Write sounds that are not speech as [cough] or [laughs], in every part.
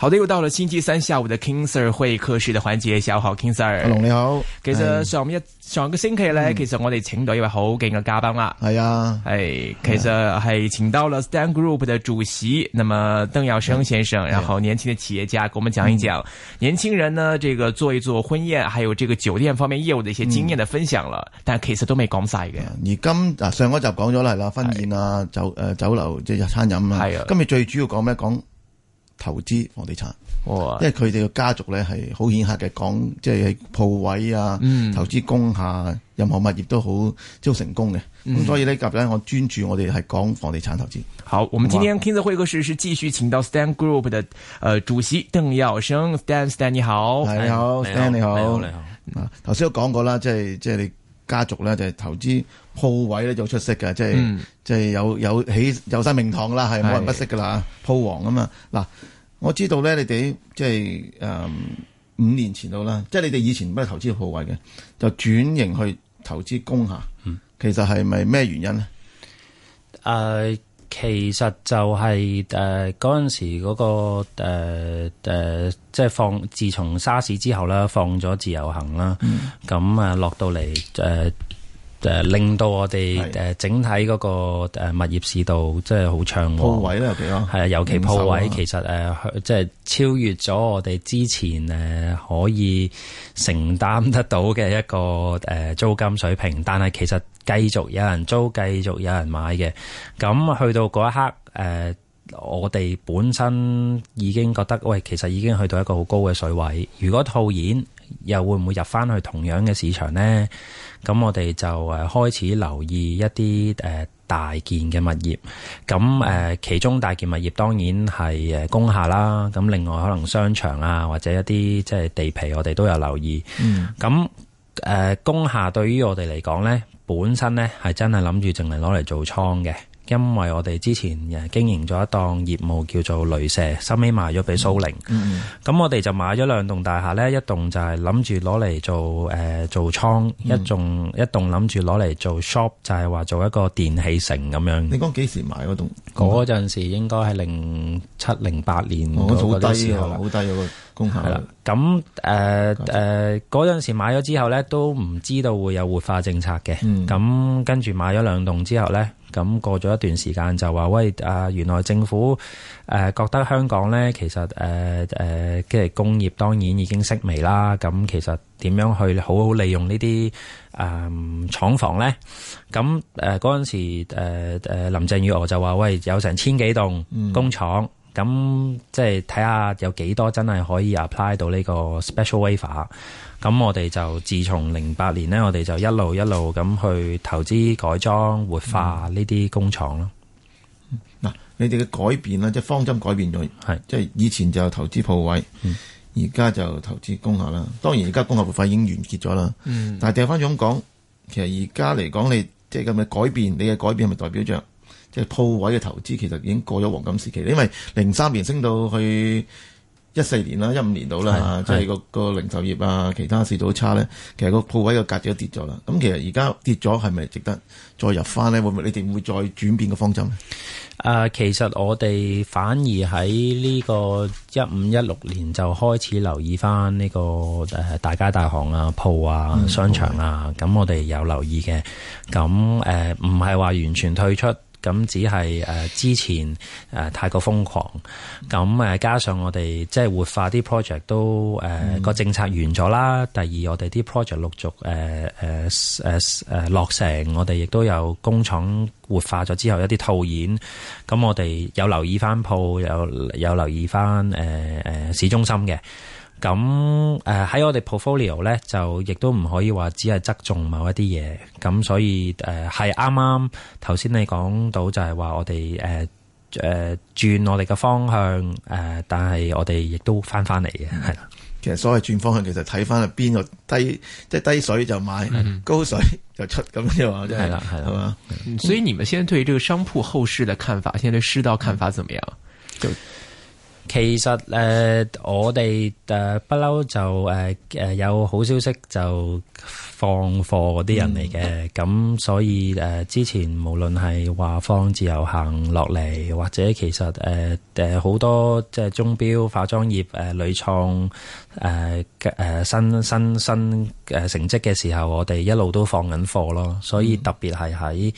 好的，又到了星期三下午的 King Sir 會客室的環節，小好 King Sir，Hello，你好。其實上一上個星期呢，其實我哋請到一位好勁嘅嘉賓啦，係啊，係，其實係請到了 Stan Group 的主席，那麼鄧耀升先生，然後年輕的企業家，跟我們講一講年輕人呢，這個做一做婚宴，還有這個酒店方面業務的一些經驗的分享啦。但其實都未講晒嘅。而今嗱上嗰集講咗嚟啦，婚宴啊酒誒酒樓即係餐飲啊，今日最主要講咩講？投資房地產，oh, 因為佢哋嘅家族咧係好顯赫嘅，講即係鋪位啊，投資工廈任何物業都好，即好成功嘅。咁、嗯、所以呢，今日我專注我哋係講房地產投資。好，我們今天 Kingsir 會客室是繼續請到 Stan Group 的、誒、呃、主席鄧耀升，Stan，Stan 你好？你好，Stan 你好，hey, Stan, 你好。頭先都講過啦，即係即係你家族咧就係、是、投資鋪位咧有出色嘅，即係即係有有，有，有，有，有，有起有晒名堂噶啦，係冇人不識噶啦，鋪王啊嘛嗱。我知道咧，你哋即係誒、嗯、五年前度啦，即係你哋以前唔係投資鋪位嘅，就轉型去投資工廈。其實係咪咩原因呢？誒、嗯，其實就係誒嗰陣時嗰、嗰個誒誒、呃呃，即係放自從沙士之後啦，放咗自由行啦，咁啊落到嚟誒。呃誒，令到我哋誒整體嗰個誒物業市道即係好暢，鋪是位咧尤其係啊，尤其鋪位麼其實誒，即係超越咗我哋之前誒可以承擔得到嘅一個誒租金水平。但係其實繼續有人租，繼續有人買嘅，咁去到嗰一刻，誒、呃、我哋本身已經覺得喂，其實已經去到一個好高嘅水位。如果套現又會唔會入翻去同樣嘅市場呢？咁我哋就誒開始留意一啲誒、呃、大件嘅物業，咁誒、呃、其中大件物業當然係誒工廈啦，咁另外可能商場啊或者一啲即係地皮，我哋都有留意。咁誒、嗯呃、工廈對於我哋嚟講咧，本身咧係真係諗住淨係攞嚟做倉嘅。因為我哋之前經營咗一檔業務叫做雷射，收尾賣咗俾蘇寧。咁、嗯嗯、我哋就買咗兩棟大廈呢，一棟就係諗住攞嚟做誒、呃、做倉，嗯、一棟一棟諗住攞嚟做 shop，就係話做一個電器城咁樣。你講幾時買嗰棟？嗰陣時應該係零七零八年，好低好低個功效啦。咁誒誒嗰陣時買咗之後呢，都唔知道會有活化政策嘅。咁、嗯嗯、跟住買咗兩棟之後呢。咁過咗一段時間就話，喂啊，原來政府誒、呃、覺得香港咧，其實誒誒即係工業當然已經式微啦，咁其實點樣去好好利用呢啲誒廠房咧？咁誒嗰陣時誒、呃、林鄭月娥就話，喂有成千幾棟工廠。嗯咁即係睇下有幾多真係可以 apply 到呢個 special waiver。咁我哋就自從零八年呢，我哋就一路一路咁去投資改裝活化呢啲工廠咯。嗱、嗯，你哋嘅改變咧，即係方針改變咗，係是即係以前就投資鋪位，而家、嗯、就投資工廈啦。當然而家工廈活化已經完結咗啦。嗯、但係掉翻轉講，其實而家嚟講，你即係咁嘅改變，你嘅改變係咪代表着？即係鋪位嘅投資，其實已經過咗黃金時期。因為零三年升到去一四年啦，一五年度啦，即係是個零售業啊，的其他市道都差咧。其實個鋪位嘅價值都跌咗啦。咁其實而家跌咗，係咪值得再入翻咧？會唔會你哋會再轉變個方針？啊，其實我哋反而喺呢個一五一六年就開始留意翻、這、呢個誒大街大巷啊鋪啊、嗯、商場啊。咁位我哋有留意嘅。咁誒唔係話完全退出。咁只係誒之前誒太過瘋狂，咁誒加上我哋即係活化啲 project 都誒個、嗯呃、政策完咗啦。第二，我哋啲 project 陸續誒誒誒誒落成，我哋亦都有工廠活化咗之後一啲套現。咁、呃、我哋有留意翻鋪，有有留意翻誒誒市中心嘅。咁誒喺我哋 portfolio 咧，就亦都唔可以話只係側重某一啲嘢，咁、嗯、所以誒係啱啱頭先你講到就係話我哋誒誒轉我哋嘅方向誒、呃，但係我哋亦都翻翻嚟嘅，係啦。其實所謂轉方向，其實睇翻係邊個低即係低水就買，嗯、高水就出咁啫嘛，係啦，係嘛。所以你們先對於呢個商鋪後市嘅看法，現在對市道看法怎麼樣？嗯就其實誒、呃，我哋誒不嬲就誒誒、呃、有好消息就放貨嗰啲人嚟嘅，咁、嗯、所以誒、呃、之前無論係話放自由行落嚟，或者其實誒誒好多即係鐘錶化妝業誒屢創誒誒新新新誒成績嘅時候，我哋一路都放緊貨咯，所以特別係喺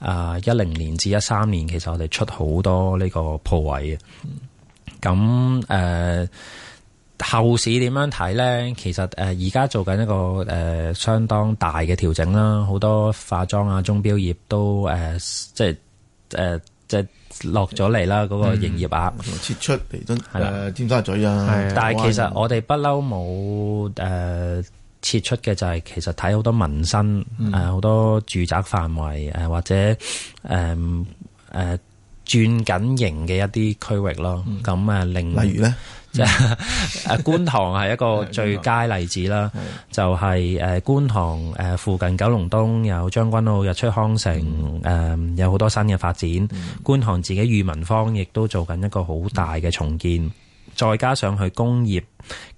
啊一零年至一三年，其實我哋出好多呢個鋪位嘅。嗯咁誒、呃、後市點樣睇咧？其實誒而家做緊一個誒、呃、相當大嘅調整啦，好多化妝啊、鐘錶業都誒、呃、即係誒、呃、即係落咗嚟啦，嗰、那個營業額撤、嗯、出嚟真係啦，尖沙咀啊！的的但係其實我哋不嬲冇誒撤出嘅就係其實睇好多民生誒好、嗯呃、多住宅範圍誒、呃、或者誒誒。呃呃呃呃轉緊型嘅一啲區域咯，咁啊、嗯，另例如咧，即係誒，觀塘係一個最佳例子啦。 [laughs] 就係誒，觀塘誒附近九龍東有將軍澳日出康城，誒、嗯嗯、有好多新嘅發展。嗯、觀塘自己裕民坊亦都做緊一個好大嘅重建，嗯、再加上佢工業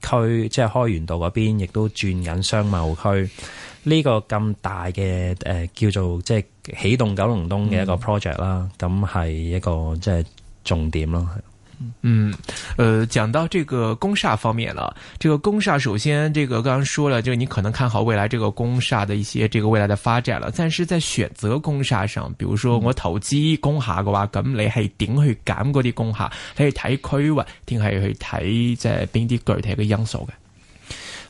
區即係開源道嗰邊，亦都轉緊商貿區。呢個咁大嘅誒、呃、叫做即係起動九龍東嘅一個 project 啦，咁係一個即係重點咯。嗯，誒、嗯，講、呃、到這個工廈方面啦，這個工廈首先，呢、這個剛剛説了，就你可能看好未來這個工廈的一些這個未來嘅發展啦。但是在選擇工廈上，譬如說我投資工廈嘅話，咁你係點去揀嗰啲工廈？係去睇區域，定係去睇即係邊啲具體嘅因素嘅？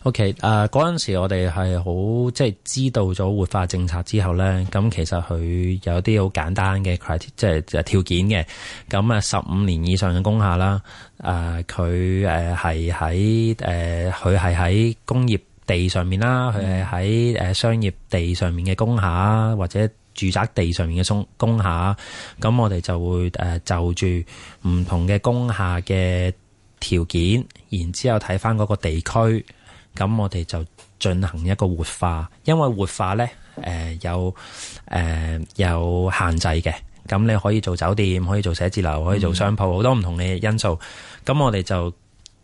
OK，誒嗰陣時我，我哋係好即係知道咗活化政策之後咧。咁其實佢有啲好簡單嘅 criteria，即係條件嘅。咁啊，十五年以上嘅工廈啦，誒佢誒係喺誒佢係喺工業地上面啦，佢係喺誒商業地上面嘅工廈，或者住宅地上面嘅松工廈。咁我哋就會誒就住唔同嘅工廈嘅條件，然之後睇翻嗰個地區。咁我哋就進行一個活化，因為活化呢誒、呃、有誒、呃、有限制嘅，咁你可以做酒店，可以做寫字樓，可以做商鋪，好、嗯、多唔同嘅因素。咁我哋就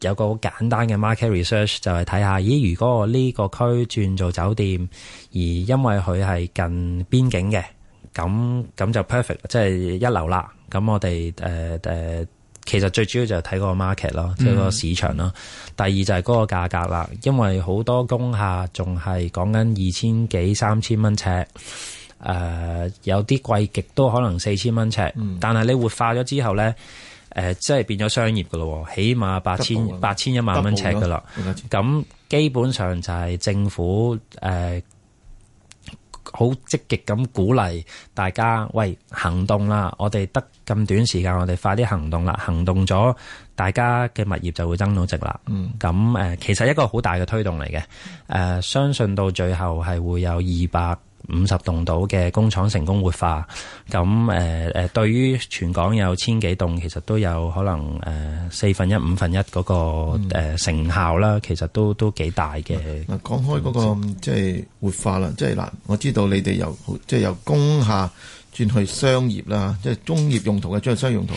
有個好簡單嘅 market research，就係睇下，咦？如果我呢個區轉做酒店，而因為佢係近邊境嘅，咁咁就 perfect，即係一流啦。咁我哋誒誒。呃呃其實最主要就係睇嗰個 market 咯，即係嗰個市場咯。場，嗯、第二就係嗰個價格啦，因為好多工廈仲係講緊二千幾三千蚊尺，誒、呃、有啲貴極都可能四千蚊尺，但係你活化咗之後咧，誒、呃、即係變咗商業嘅咯，起碼八千八千一萬蚊尺嘅啦。咁、啊、基本上就係政府誒。呃好積極咁鼓勵大家，喂，行動啦！我哋得咁短時間，我哋快啲行動啦！行動咗，大家嘅物業就會增到值啦。咁誒、嗯呃，其實一個好大嘅推動嚟嘅。誒、呃，相信到最後係會有二百五十棟到嘅工廠成功活化，咁誒誒，對於全港有千幾棟，其實都有可能誒四、呃、分一五分一嗰、那個、呃、成效啦，其實都都幾大嘅。嗱、嗯，講開嗰、那個即係、嗯、活化啦，即係嗱，我知道你哋由即係、就是、由工廈轉去商業啦，即係中業用途嘅將係商業用途。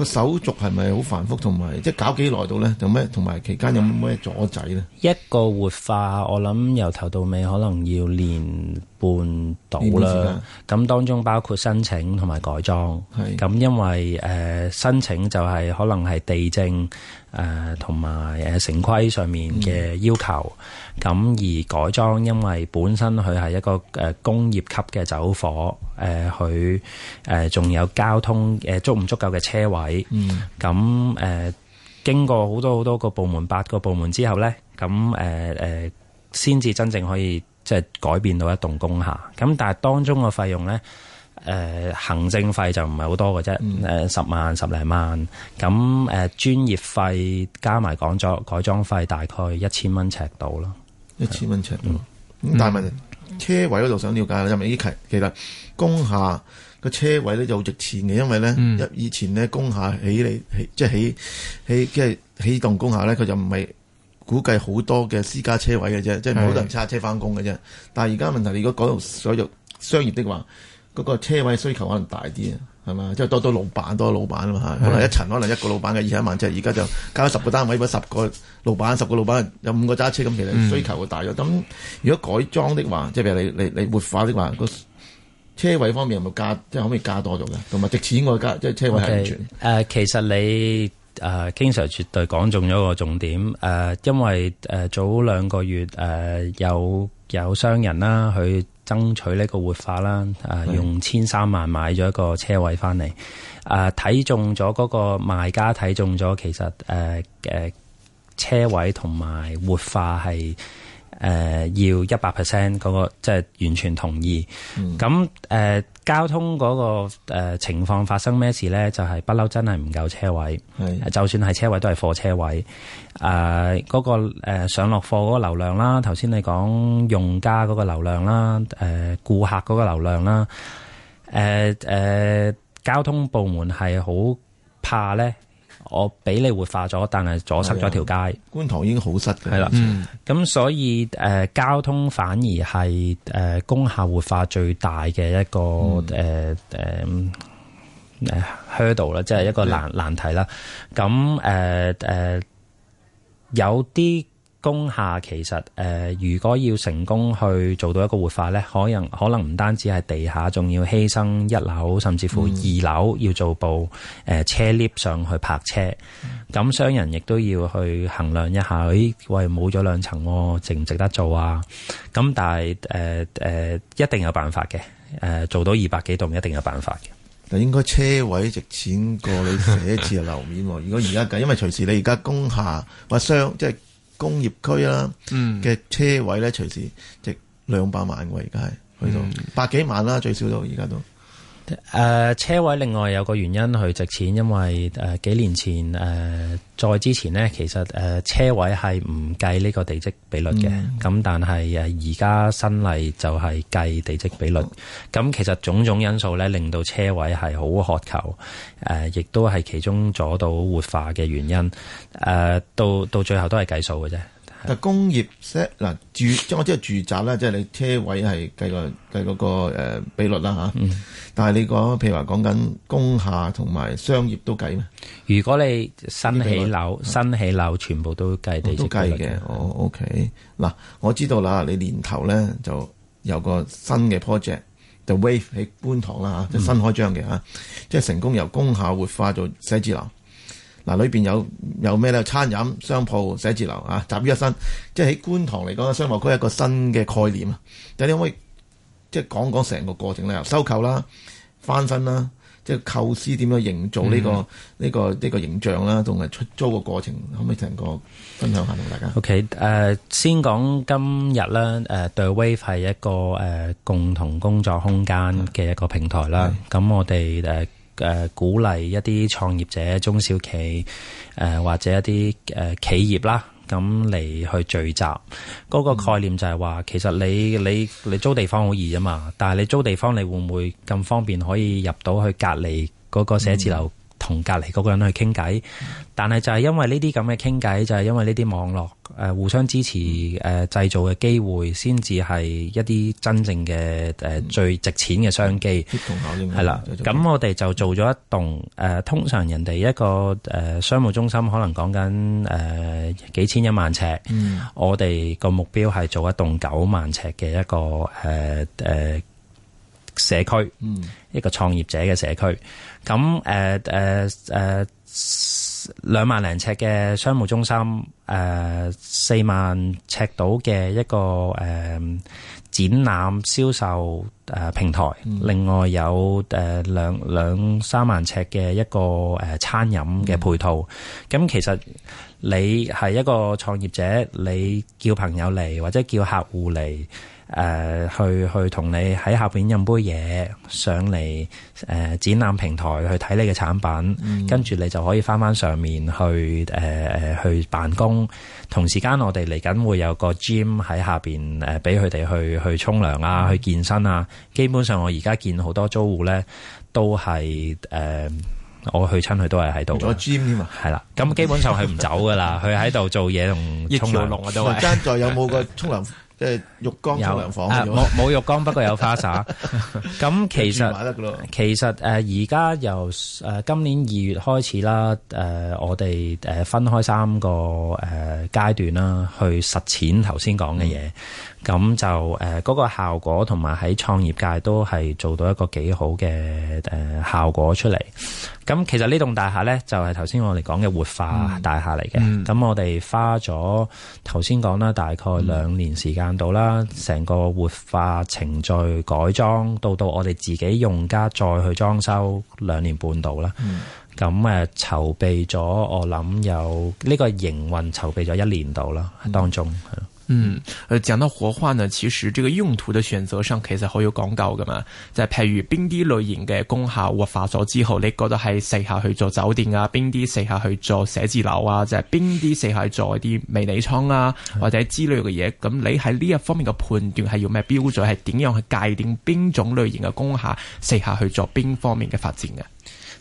個手續係咪好繁複，同埋即係搞幾耐到呢？有咩同埋期間有冇咩阻滯呢？一個活化，我諗由頭到尾可能要年半到啦。咁了當中包括申請同埋改裝。咁是，因為誒、呃、申請就係可能係地政。誒同埋誒城規上面嘅要求，咁、嗯、而改裝，因為本身佢係一個誒工業級嘅走火誒，佢誒仲有交通誒、呃、足唔足夠嘅車位，咁誒、嗯嗯呃、經過好多好多個部門八個部門之後咧，咁誒誒先至真正可以即係改變到一棟工廈咁，但係當中嘅費用咧。誒、呃、行政費就唔係好多嘅啫，誒、嗯呃、十萬十零萬咁誒、呃、專業費加埋改裝改裝費大概一千蚊尺到囉，一千蚊尺。是嗯，嗯，但係問題車位嗰度想了解，因為呢其實工廈個車位咧就好值錢嘅，因為咧、嗯、以前咧工廈起嚟即係起起即係起棟工廈咧，佢就唔係估計好多嘅私家車位嘅啫，即係冇人揸車翻工嘅啫。但係而家問題，你如果講到所有商業的話。嗰個車位需求可能大啲啊，係嘛？即係多咗老闆，多咗老闆啊嘛。的可能一層可能一個老闆嘅二十一萬，即係而家就加咗十個單位，咁十個老闆，十個老闆，十個老闆有五個揸車咁，其實需求會大咗。咁、嗯、如果改裝的話，即係譬如你你你，你活化的話，個車位方面有冇加？即係可唔可以加多咗嘅？同埋值錢應該加即係車位係安全、okay. 呃。其實你誒 King Sir 絕對講中咗一個重點誒、呃，因為誒、呃、早兩個月誒、呃、有。有商人啦，去爭取呢個活化啦，啊、呃，用千三萬買咗一個車位翻嚟，啊、呃，睇中咗嗰個賣家，睇中咗其實誒誒、呃、車位同埋活化係。誒、呃、要一百 percent 嗰個即係、就是、完全同意。咁誒、嗯呃、交通嗰、那個、呃、情況發生咩事咧？就係、是、不嬲真係唔夠車位，是呃、就算係車位都係貨車位。誒、呃那個個、呃、上落貨嗰個流量啦，頭先你講用家嗰個流量啦，誒、呃、顧客嗰個流量啦。誒、呃、誒、呃、交通部門係好怕咧。我俾你活化咗，但係阻塞咗條街、啊。觀塘已經好塞嘅，係啦的。咁、嗯、所以誒、呃、交通反而係誒工廈活化最大嘅一個誒誒誒 hurdle 啦，即係一個難、嗯、難題啦。咁誒誒有啲。工廈其實誒、呃，如果要成功去做到一個活化咧，可能可能唔單止係地下，仲要犧牲一樓，甚至乎二樓要做部誒、呃、車 lift 上去泊車。咁商人亦都要去衡量一下，哎、喂，冇咗兩層喎、哦，值唔值得做啊？咁但係誒誒，一定有辦法嘅。誒、呃、做到二百幾棟，一定有辦法嘅。但，應該車位值錢過你寫字樓面喎。 [laughs] 如果而家計，因為隨時你而家工廈或商即係。就是工業區啦嘅車位咧，隨時值兩百萬喎，而家係去到百幾萬啦，最少都而家都。誒、呃，車位另外有個原因去值錢，因為誒、呃、幾年前誒、呃、再之前呢,其實誒、呃、車位係唔計呢個地積比率嘅，咁、嗯、但係誒而家新例就係計地積比率，咁、嗯、其實種種因素咧令到車位係好渴求，誒、呃、亦都係其中阻到活化嘅原因，誒、呃、到到最後都係計數嘅啫。但工業 set 嗱住，即我知係住宅啦，即係你車位係計個計嗰個比率啦嚇。嗯、但係你、嗰個譬如話講緊工廈同埋商業都計咩？如果你新起樓，比率新起樓全部都計地都計嘅。我、哦、OK 嗱，我知道啦，你年頭咧就有個新嘅 project 就 Wave 喺觀塘啦嚇，即新開張嘅嚇，嗯、即係成功由工廈活化做寫字樓。嗱，裏邊有有咩咧？餐飲、商鋪、寫字樓啊，集於一身。即係喺觀塘嚟講，商貿區一個新嘅概念啊。有啲可，可以，即係講講成個過程咧，由收購啦、翻新啦，即係構思點樣營造呢、呢個呢、嗯呢個呢、呢個形象啦，同埋出租嘅過程，可唔可以成個分享下同大家？O K，誒，先講今日咧，誒、呃，The Wave 係一個誒、呃、共同工作空間嘅一個平台啦。咁、嗯嗯、我哋誒。呃誒、呃、鼓勵一啲創業者、中小企誒、呃、或者一啲誒、呃、企業啦，咁嚟去聚集嗰、那個概念就係話，其實你你你租地方好易吖嘛，但係你租地方你會唔會咁方便可以入到去隔離嗰個寫字樓？嗯同隔離嗰個人去傾偈，但係就係因為呢啲咁嘅傾偈，就係、是、因為呢啲網絡誒互相支持誒、呃、製造嘅機會，先至係一啲真正嘅誒、呃、最值錢嘅商機。係啦，咁的我哋就做咗一棟誒、呃，通常人哋一個誒、呃、商務中心可能講緊誒幾千一萬尺，嗯、我哋個目標係做一棟九萬尺嘅一個誒誒。呃呃社區，嗯、一個創業者嘅社區。咁誒誒誒，兩萬零尺嘅商務中心，誒、呃、四萬尺度嘅一個誒、呃、展覽銷售誒平台。嗯、另外有誒、呃、兩兩三萬尺嘅一個誒、呃、餐飲嘅配套。咁、嗯、其實你係一個創業者，你叫朋友嚟或者叫客戶嚟。誒、呃、去去同你喺下邊飲杯嘢上嚟誒、呃、展覽平台去睇你嘅產品，跟住、嗯、你就可以翻翻上面去誒誒、呃、去辦公。同時間我哋嚟緊會有個 gym 喺下邊誒，俾佢哋去去沖涼啊，去健身啊。基本上我而家見好多租戶咧，都係誒、呃、我去親佢都係喺度。做 gym 添嘛。係啦，咁基本上佢唔走噶啦，佢喺度做嘢同沖涼啊都係。爭在、嗯、有冇個沖涼？即係浴缸有人房，冇冇、啊、浴缸，不過有花灑。咁其實 [laughs] 其實誒，而、呃、家由誒今年二月開始啦，誒、呃、我哋誒分開三個誒、呃、階段啦，去實踐頭先講嘅嘢。咁、嗯、就誒嗰、呃、那個效果同埋喺創業界都係做到一個幾好嘅誒、呃、效果出嚟。咁其實呢棟大廈呢，就係頭先我哋講嘅活化大廈嚟嘅。咁、嗯、我哋花咗頭先講啦，大概兩年時間度啦，成、嗯、個活化程序改裝到到我哋自己用家再去裝修兩年半度啦。咁誒、嗯、籌備咗，我諗有呢、呢個營運籌備咗一年度啦，嗯、當中係咯。嗯，誒，講到活化呢，其實這個用途的選擇上其實好有講究噶嘛。就係、是、譬如邊啲類型嘅工廈活化咗之後，你覺得係適合去做酒店啊？邊啲適合去做寫字樓啊？即係邊啲適合做啲迷你倉啊或者之類嘅嘢？咁、嗯、你喺呢一方面嘅判斷係要咩標準？係點樣去界定邊種類型嘅工廈適合去做邊方面嘅發展嘅、啊、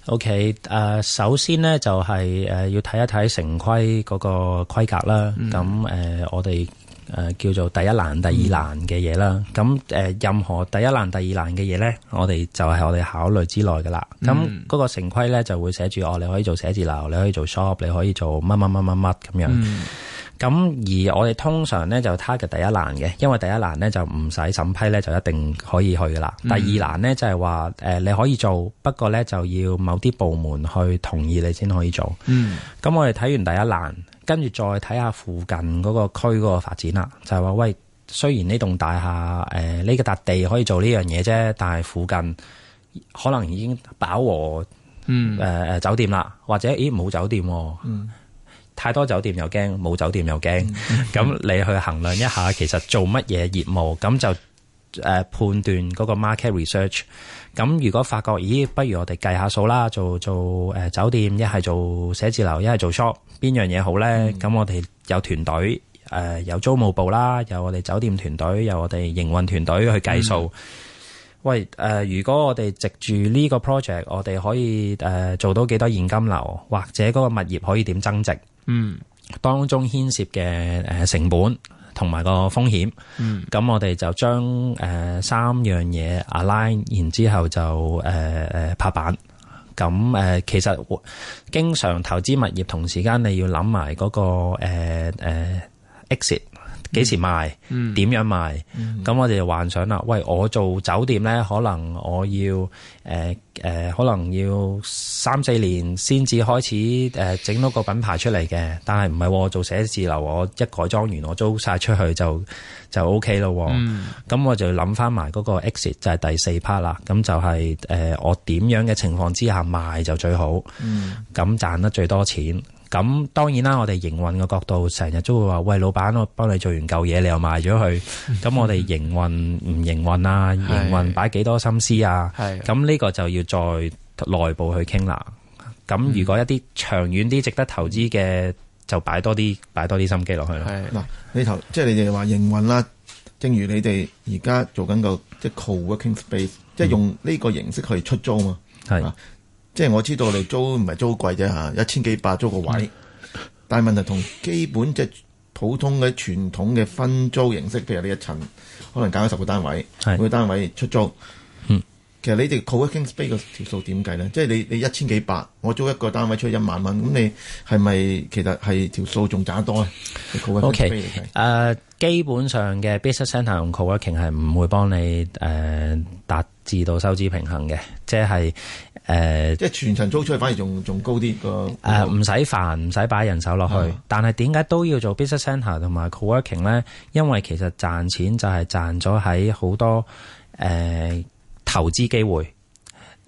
？OK，誒、呃，首先呢，就係、是、誒要睇一睇城規嗰個規格啦。咁誒、嗯，我哋、嗯。誒、呃、叫做第一欄、第二欄嘅嘢啦，咁誒、呃、任何第一欄、第二欄嘅嘢咧，我哋就係我哋考慮之內㗎喇。咁嗰、嗯、個成規咧就會寫住我、哦，你可以做寫字樓，你可以做 shop，你可以做乜乜乜乜乜咁樣。咁、嗯、而我哋通常咧就 target 第一欄嘅，因為第一欄咧就唔使審批咧，就一定可以去㗎喇。嗯、第二欄咧就係話誒你可以做，不過咧就要某啲部門去同意你先可以做。嗯。咁我哋睇完第一欄。跟住再睇下附近嗰個區嗰個發展啦，就係、是、話，喂，雖然呢棟大廈誒呢個笪地可以做呢樣嘢啫，但係附近可能已經飽和，嗯誒誒、呃、酒店啦，或者咦冇酒店，嗯，太多酒店又驚，冇酒店又驚，咁、嗯、 [laughs] 你去衡量一下，其實做乜嘢業務，咁 [laughs] 就誒判斷嗰個 market research。咁如果發覺，咦，不如我哋計下數啦，做做誒、呃、酒店，一係做寫字樓，一係做 shop，邊樣嘢好咧？咁、嗯、我哋有團隊，誒、呃、有租務部啦，有我哋酒店團隊，有我哋營運團隊去計數。嗯、喂，誒、呃，如果我哋藉住呢個 project，我哋可以誒、呃、做到幾多現金流，或者嗰個物業可以點增值？嗯，當中牽涉嘅誒成本。同埋個風險，咁、嗯、我哋就將誒、呃、三樣嘢 align，然之後就誒誒、呃、拍板。咁誒、呃、其實、呃、經常投資物業，同時間你要諗埋嗰個誒 exit。呃呃 Ex 幾時賣？點、嗯、樣賣？咁、嗯、我哋就幻想啦。喂，我做酒店呢，可能我要誒誒、呃呃，可能要三四年先至開始誒整、呃、到個品牌出嚟嘅。但係唔係喎，我做寫字樓，我一改裝完，我租晒出去就就 OK 咯、哦。咁、嗯、我就諗翻埋嗰個 exit 就係第四 part 啦。咁就係、是、誒、呃、我點樣嘅情況之下賣就最好，咁、嗯、賺得最多錢。咁當然啦，我哋營運嘅角度，成日都會話：喂，老闆，我幫你做完嚿嘢，你又賣咗佢。咁、嗯、我哋營運唔營運啊？嗯、營運擺幾多心思啊？咁呢的個就要再內部去傾啦。咁、嗯、如果一啲長遠啲值得投資嘅，就擺多啲，擺多啲心機落去。嗱的，你頭即係你哋話營運啦，正如你哋而家做緊個即係 co-working space，即係用呢個形式去出租嘛。係、嗯。即係我知道，我哋租唔係租貴啫吓，一千幾百租個位。嗯、但係問題同基本即係普通嘅傳統嘅分租形式，譬如呢一層可能搞咗十個單位，是每個單位出租。其實你哋 co-working space 個條數點計咧？即係你你一千幾百，我租一個單位出去一萬蚊，咁你係咪其實係條數仲賺多啊？OK，誒基本上嘅 business centre e 同 co-working 係唔會幫你誒達、呃、自動收支平衡嘅，即係誒、呃、即係全程租出去反而仲仲高啲個唔使、呃、煩，唔使擺人手落去，嗯、但係點解都要做 business center 同埋 co-working 咧？因為其實賺錢就係賺咗喺好多誒、呃投資機會，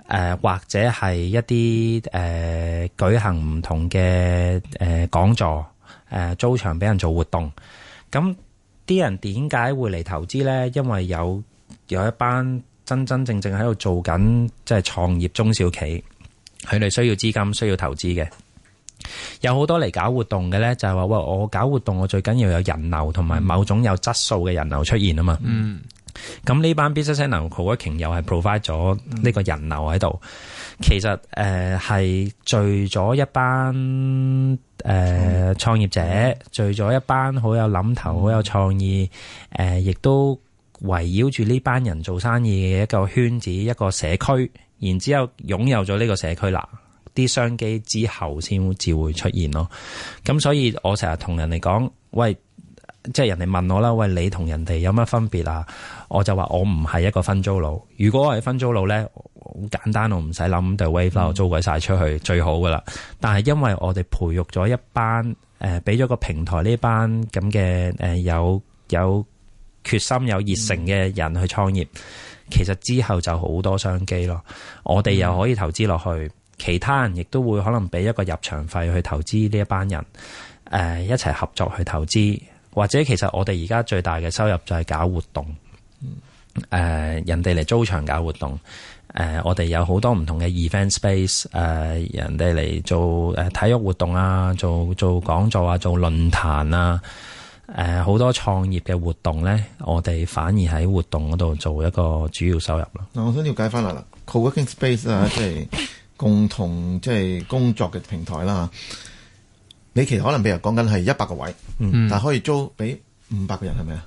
誒或者係一啲誒舉行唔同嘅誒講座，誒租場俾人做活動。咁啲人點解會嚟投資呢？因為有有一班真真正正喺度做緊，即係創業中小企，佢哋需要資金，需要投資嘅。有好多嚟搞活動嘅呢，就係話：喂，我搞活動，我最緊要有人流同埋某種有質素嘅人流出現啊嘛。嗯。咁呢班 business networking 又係 provide 咗呢個人流喺度，其實誒係、呃、聚咗一班誒、呃、創業者，聚咗一班好有諗頭、好有創意誒、呃，亦都圍繞住呢班人做生意嘅一個圈子、一個社區，然之後擁有咗呢個社區啦，啲商機之後先至會出現咯。咁所以，我成日同人哋講，喂，即、就、係、是、人哋問我啦，喂，你同人哋有乜分別啊？我就話，我唔係一個分租佬。如果我係分租佬呢，好簡單，我唔使諗就 The Wave 租鬼晒出去最好噶啦。但係因為我哋培育咗一班誒，俾、呃、咗個平台呢班咁嘅誒有有決心有熱誠嘅人去創業，其實之後就好多商機咯。我哋又可以投資落去，其他人亦都會可能俾一個入場費去投資呢一班人誒、呃，一齊合作去投資，或者其實我哋而家最大嘅收入就係搞活動。誒、呃，人哋嚟租場搞活動，誒、呃，我哋有好多唔同嘅 event space，誒、呃，人哋嚟做誒體育活動啊，做做講座啊，做論壇啊，誒、呃，好多創業嘅活動咧，我哋反而喺活動嗰度做一個主要收入啦。嗱，我想了解翻啦，嗱，co-working space 啊，即係共同即係工作嘅平台啦，吓， [laughs] 你其實可能譬如講緊係一百個位，嗯、但係可以租俾五百個人係咪啊？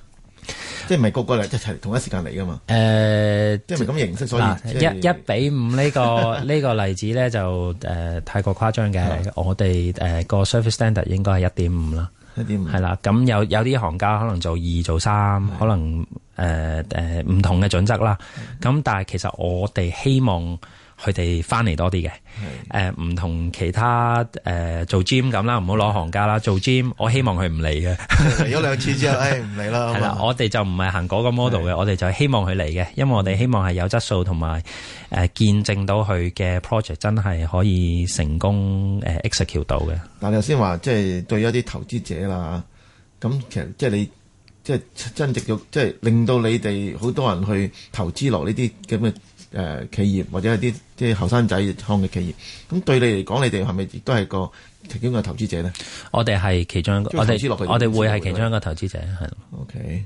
即係唔係個個嚟，一齊同一時間嚟噶嘛？誒、呃，即係咪咁嘅形式？所以一一、呃、比五呢、這個呢 [laughs] 個例子咧就誒、呃、太過誇張嘅。 [laughs] 我哋誒個 service standard 應該係一點五啦，一點五係啦。咁有有啲行家可能做二做三是，可能誒誒唔同嘅準則啦。咁 [laughs] 但係其實我哋希望。佢哋翻嚟多啲嘅，誒唔的、呃、同其他誒、呃、做 gym 咁啦，唔好攞行家啦。做 gym 我希望佢唔嚟嘅，有兩次之後，誒唔嚟啦。係啦，我哋就唔係行嗰個 model 嘅，的我哋就希望佢嚟嘅，因為我哋希望係有質素同埋誒見證到佢嘅 project 真係可以成功誒 ex execute 到嘅。但你頭先話，即係對一啲投資者啦，咁其實即係你即係增值到，即係令到你哋好多人去投資落呢啲咁嘅。誒企業或者係啲啲後生仔創嘅企業，咁對你嚟講，你哋係咪亦都係個其中嘅投資者咧？我哋係其中一個，投我哋們會係其中一個投資者，係的。OK。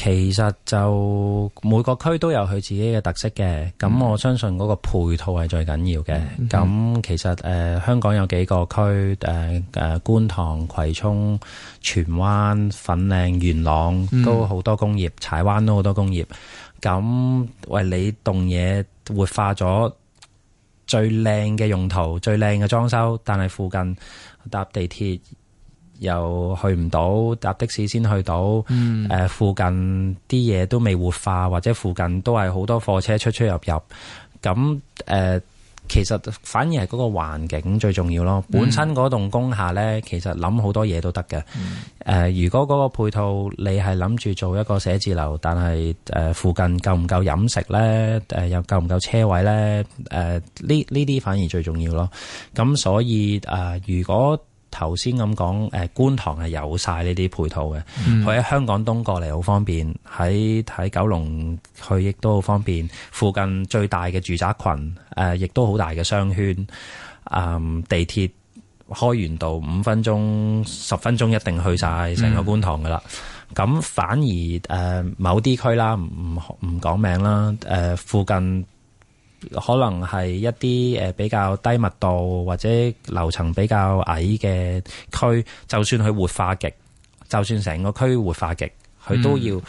其實就每個區都有佢自己嘅特色嘅，咁我相信嗰個配套係最緊要嘅。咁其實誒、呃、香港有幾個區誒誒、呃呃、觀塘、葵涌、荃灣、粉嶺、元朗都好多工業，柴灣都好多工業。咁為你棟嘢活化咗最靚嘅用途、最靚嘅裝修，但係附近搭地鐵，又去唔到，搭的士先去到。誒、嗯呃，附近啲嘢都未活化，或者附近都係好多貨車出出入入。咁誒、呃，其實反而係嗰個環境最重要咯。本身嗰棟工廈咧，其實諗好多嘢都得嘅。誒、嗯呃，如果嗰個配套你係諗住做一個寫字樓，但係誒、呃、附近夠唔夠飲食咧？誒又夠唔夠車位咧？誒呢呢啲反而最重要咯。咁所以誒、呃、如果頭先咁講，誒、呃、觀塘係有晒呢啲配套嘅，佢喺、嗯、香港東過嚟好方便，喺喺九龍去亦都好方便，附近最大嘅住宅群，誒、呃、亦都好大嘅商圈，嗯、地鐵開源道五分鐘、十分鐘一定去晒，成個觀塘噶啦，咁、嗯、反而誒、呃、某啲區啦，唔唔講名啦，誒、呃、附近。可能係一啲誒比較低密度或者樓層比較矮嘅區，就算佢活化極，就算成個區活化極，佢都要誒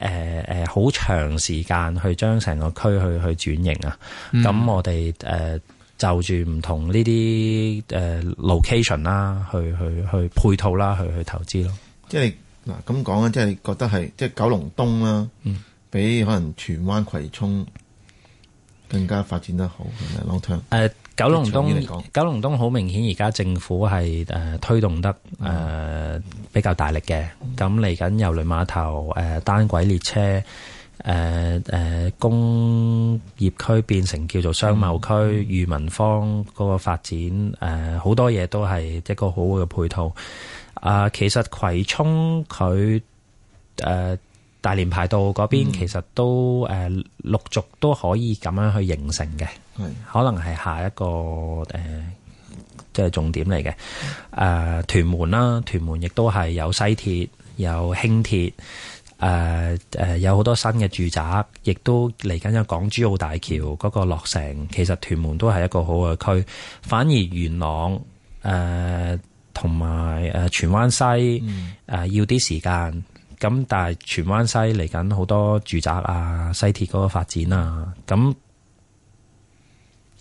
誒好長時間去將成個區去去轉型啊。咁我哋誒就住唔同呢啲誒 location 啦，去、嗯呃呃、location, 去去，去配套啦，去去投資咯。即係嗱咁講咧，即係覺得係即係九龍東啦、啊，嗯，俾可能荃灣葵涌更加發展得好。誒，uh, 九龍東 [noise] [noise] 九龍東好明顯，而家政府係誒、呃、推動得誒、呃、比較大力嘅。咁嚟緊遊輪碼頭、誒、呃、單軌列車、誒、呃、誒、呃、工業區變成叫做商貿區、裕、uh huh. 民坊嗰個發展，誒、呃、好多嘢都係一個好嘅配套。啊、呃，其實葵涌佢誒、呃呃大連排道嗰邊、嗯、其實都誒、呃、陸續都可以咁樣去形成嘅，嗯、可能係下一個誒、呃、即係重點嚟嘅。誒屯門啦，屯門亦、啊、都係有西鐵、有輕鐵，誒、呃、誒、呃、有好多新嘅住宅，亦都嚟緊有港珠澳大橋嗰個落成。其實屯門都係一個好嘅區，反而元朗誒同埋誒荃灣西誒、嗯呃、要啲時間。咁但係荃灣西嚟緊好多住宅啊，西鐵嗰個發展啊，咁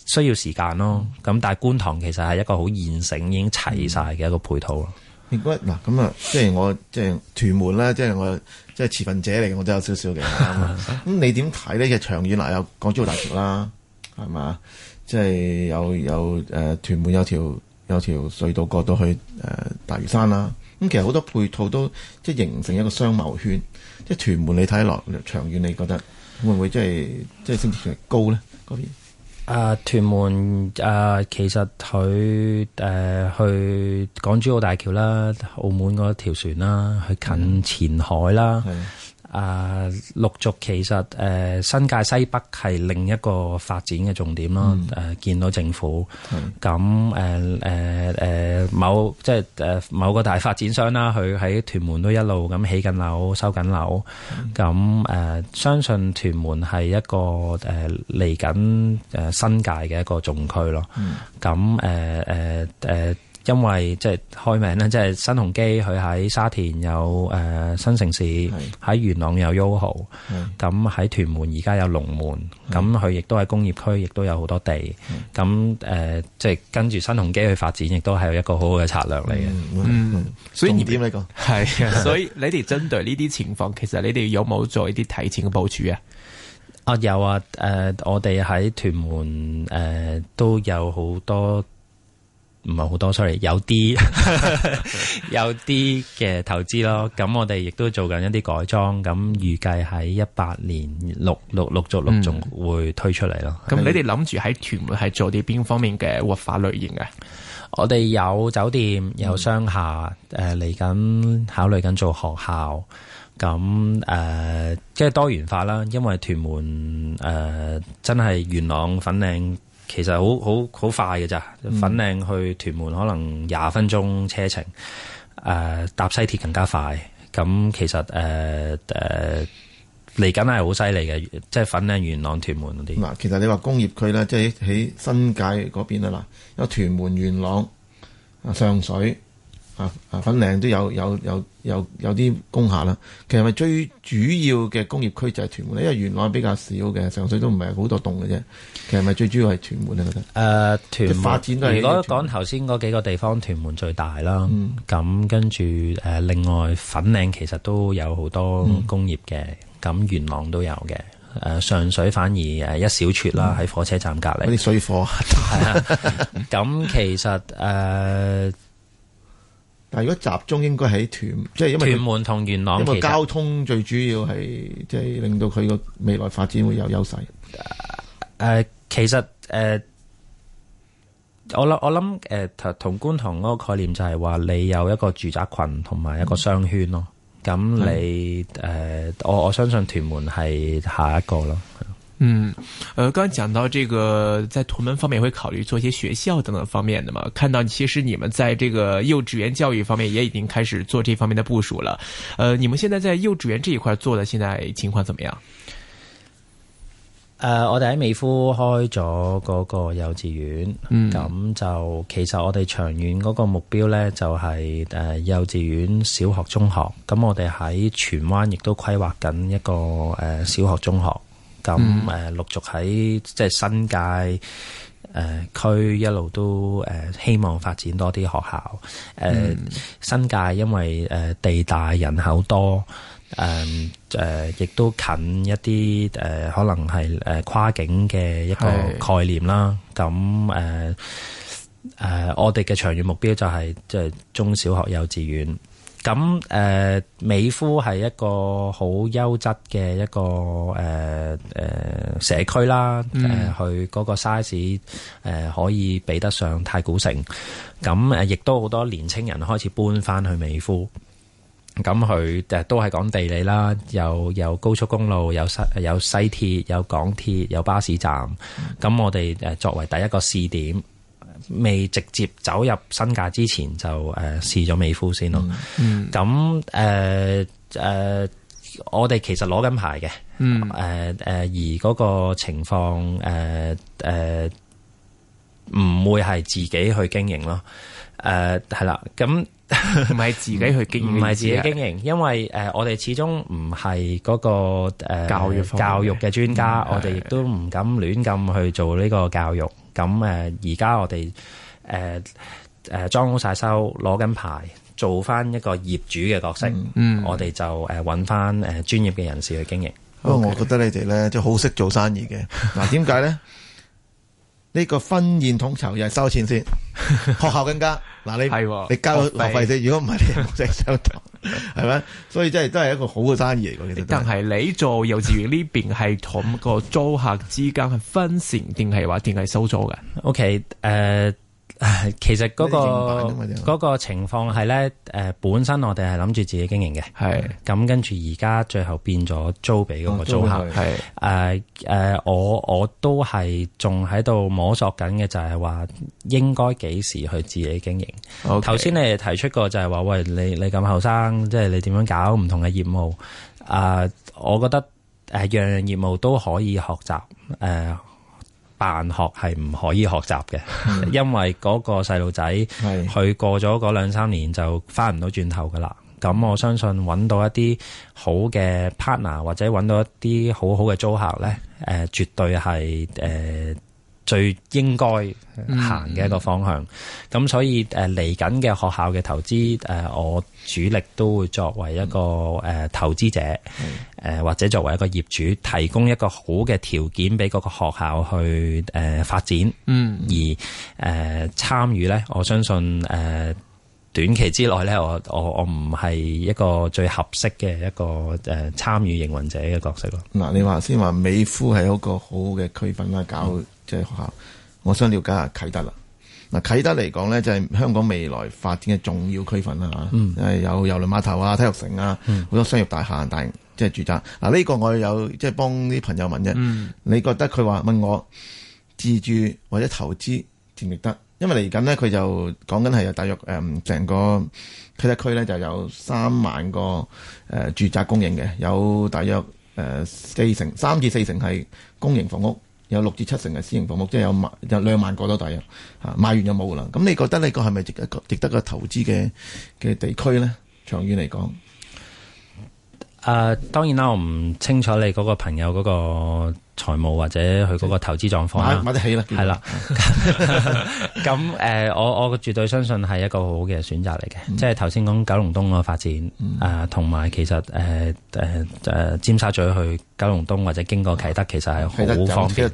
需要時間咯。咁但係觀塘其實係一個好現成已經齊晒嘅一個配套咯。應該嗱咁啊，即係我即係屯門啦，即係我即係持份者嚟，我都有少少嘅。咁、 [laughs] 嗯、你點睇呢？嘅長遠嗱、啊，有港珠澳大橋啦、啊，係嘛，即係有有誒、呃、屯門有條有條隧道過到去誒大嶼山啦、啊。咁其實好多配套都即係形成一個商貿圈，即、就、係、是、屯門你睇落長遠，你覺得會唔會即係即係升值高呢？嗰邊啊屯門啊，其實佢誒、啊、去港珠澳大橋啦、澳門嗰條船啦，去近前海啦。啊，陸續其實誒、啊、新界西北係另一個發展嘅重點咯。誒、嗯啊、見到政府，咁誒誒誒某即係誒、啊、某個大發展商啦，佢喺屯門都一路咁起緊樓、收緊樓。咁誒、嗯啊、相信屯門係一個誒嚟緊誒新界嘅一個重區咯。咁誒誒誒。啊啊啊啊因為即係開名咧，即係新鴻基佢喺沙田有誒、呃、新城市，喺的元朗有 YOHO，咁喺屯門而家有龍門，咁佢的亦都喺工業區，亦都有好多地，咁誒即係跟住新鴻基去發展，亦都係一個好好嘅策略嚟嘅。嗯，嗯嗯嗯所以點呢個係的， [laughs] 所以你哋針對呢啲情況，其實你哋有冇做一啲提前嘅部署啊？啊有啊，誒我哋喺屯門誒都有好多。唔係好多，sorry，有啲 [laughs] 有啲嘅投資咯。咁我哋亦都做緊一啲改裝，咁預計喺一八年六六陸續陸續會推出嚟咯。咁你哋諗住喺屯門係做啲邊方面嘅活化類型嘅？嗯、我哋有酒店，有商廈，誒嚟緊考慮緊做學校，咁誒即係多元化啦。因為屯門誒、呃、真係元朗粉嶺。其實好好好快嘅咋，粉嶺去屯門可能廿分鐘車程，誒、呃，搭西鐵更加快。咁其實誒誒嚟緊係好犀利嘅，即係粉嶺元朗屯門嗰啲。嗱，其實你話工業區咧，即係喺新界嗰邊啦嗱，有屯門元朗啊上水。啊！粉嶺都有有有有有啲工廈啦，其實咪最主要嘅工業區就係屯門啦，因為元朗比較少嘅，上水都唔係好多棟嘅啫。其實咪最主要係屯門啊！誒、呃，屯門。發展都係。如果講頭先嗰幾個地方，屯門最大啦。嗯。咁跟住誒、呃，另外粉嶺其實都有好多工業嘅，咁、嗯、元朗都有嘅。誒、呃，上水反而誒一小撮啦、嗯，喺火車站隔離。嗰啲水貨。咁其實誒。但係如果集中應該喺屯門，即係因為屯門同元朗，因為交通最主要係即係令到佢個未來發展會有優勢。誒、嗯呃，其實誒、呃，我諗我諗誒，同、呃、觀塘嗰個概念就係話你有一個住宅群同埋一個商圈咯。咁、嗯、你誒的、呃，我我相信屯門係下一個咯。嗯，呃，剛剛講到這個，在屯門方面會考慮做一些學校等等方面的嘛。看到其實你們在這個幼稚園教育方面也已經開始做這方面的部署了。呃，你們現在在幼稚園這一塊做的，現在情況怎麼樣？呃，我哋喺美孚開咗嗰個幼稚園，嗯，咁就其實我哋長遠嗰個目標咧就係、是、誒、呃、幼稚園、小學、呃、小學、中學。咁我哋喺荃灣亦都規劃緊一個誒小學、中學。咁誒，陸、呃、續喺即係新界誒區、呃、一路都誒、呃、希望發展多啲學校。誒、呃嗯、新界因為誒、呃、地大人口多，誒、呃、誒、呃、亦都近一啲誒、呃、可能係誒跨境嘅一個概念啦。咁誒誒，我哋嘅長遠目標就係即係中小學幼稚園。咁誒、呃、美孚係一個好優質嘅一個誒誒、呃呃、社區啦，誒佢、嗯呃、個 size 誒可以比得上太古城，咁誒亦都好多年青人開始搬翻去美孚，咁佢誒都係講地理啦，又有，有高速公路，有西有西鐵，有港鐵，有巴士站，咁我哋誒作為第一個試點。未直接走入新界之前，就誒試咗美孚先咯。咁誒誒，我哋其實攞緊牌嘅。嗯，誒誒、呃呃呃呃呃，而嗰個情況誒誒，唔、呃呃、會係自己去經營咯。誒係啦，咁唔係自己去經營，唔係 [laughs] 自己經營，因為誒、呃、我哋始終唔係嗰個誒、呃、教育教育嘅專家，嗯、我哋亦都唔敢亂咁去做呢個教育。咁誒，而家我哋誒誒裝好晒收，攞緊牌，做翻一個業主嘅角色。嗯，嗯我哋就誒揾翻誒專業嘅人士去經營。不過、嗯、Okay. 我覺得你哋咧，就好識做生意嘅。嗱， [laughs] 點解咧？呢個婚宴統籌又係收錢先，學校更加。嗱、 [laughs] 啊，你係的你交個學費先，如果唔係你冇 [laughs] 係咩？ [laughs] [laughs] 所以真係真係一個好嘅生意嚟，我覺得。但係你做幼稚園呢邊係同個租客之間係分成定係話定係收租嘅 [laughs] ？OK，誒、uh。其實嗰、那個個情況係咧，誒、呃，本身我哋係諗住自己經營嘅，係咁是跟住而家最後變咗租俾嗰個租客，係誒誒，我我都係仲喺度摸索緊嘅，就係話應該幾時去自己經營。頭先 Okay. 你提出過就係話，喂，你你咁後生，即、就、係、是、你點樣搞唔同嘅業務啊、呃？我覺得誒，呃、樣樣業務都可以學習誒。呃辦學係唔可以學習嘅， [laughs] 因為嗰個細路仔佢過咗嗰兩三年就翻唔到轉頭噶啦。咁我相信揾到一啲好嘅 partner 或者揾到一啲好好嘅租客咧，誒、呃，絕對係誒。呃最應該行嘅一個方向，咁、嗯、所以誒嚟緊嘅學校嘅投資誒、啊，我主力都會作為一個誒、啊、投資者，誒、嗯啊、或者作為一個業主，提供一個好嘅條件俾嗰個學校去誒、啊、發展，嗯，而誒、啊、參與呢，我相信誒。啊短期之內咧，我我我唔係一個最合適嘅一個誒、呃、參與營運者嘅角色咯。嗱，你話先話美孚係一個好嘅區份啦，搞即係學校。嗯、我想了解下啟德啦。嗱，啟德嚟講咧，就係、是、香港未來發展嘅重要區份啦嚇。嗯。誒，有郵輪碼頭啊，體育城啊，好、嗯、多商業大廈、大即係住宅。嗱、啊，呢、這個我有即係、就是、幫啲朋友問啫。嗯、你覺得佢話問我自住或者投資，值唔值得？因為嚟緊呢，佢就講緊係有大約誒，成、嗯、個啟德區咧就有三萬個誒、呃、住宅供應嘅，有大約誒四、呃、成三至四成係公營房屋，有六至七成係私營房屋，即係有萬有兩萬個都大約吓，賣、啊、完就冇啦。咁、嗯、你覺得呢個係咪值一個值得個投資嘅嘅地區咧？長遠嚟講，誒、呃，當然啦，我唔清楚你嗰個朋友嗰、嗰個。財務或者佢嗰個投資狀況，買得起啦，係啦。咁誒的、 [laughs] [laughs] 呃，我我絕對相信係一個好嘅選擇嚟嘅。嗯、即係頭先講九龍東個發展啊，同埋、嗯呃、其實誒誒誒，尖沙咀去九龍東或者經過啟德，其實係好方便，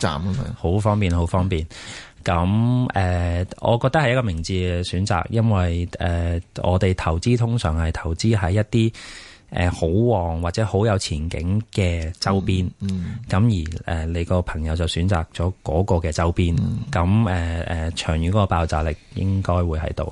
好、啊、方便，好方便。咁誒、嗯呃，我覺得係一個明智嘅選擇，因為誒、呃，我哋投資通常係投資喺一啲。誒好、呃、旺或者好有前景嘅周邊，咁、嗯嗯、而誒、呃、你個朋友就選擇咗嗰個嘅周邊，咁誒誒長遠嗰個爆炸力應該會喺度。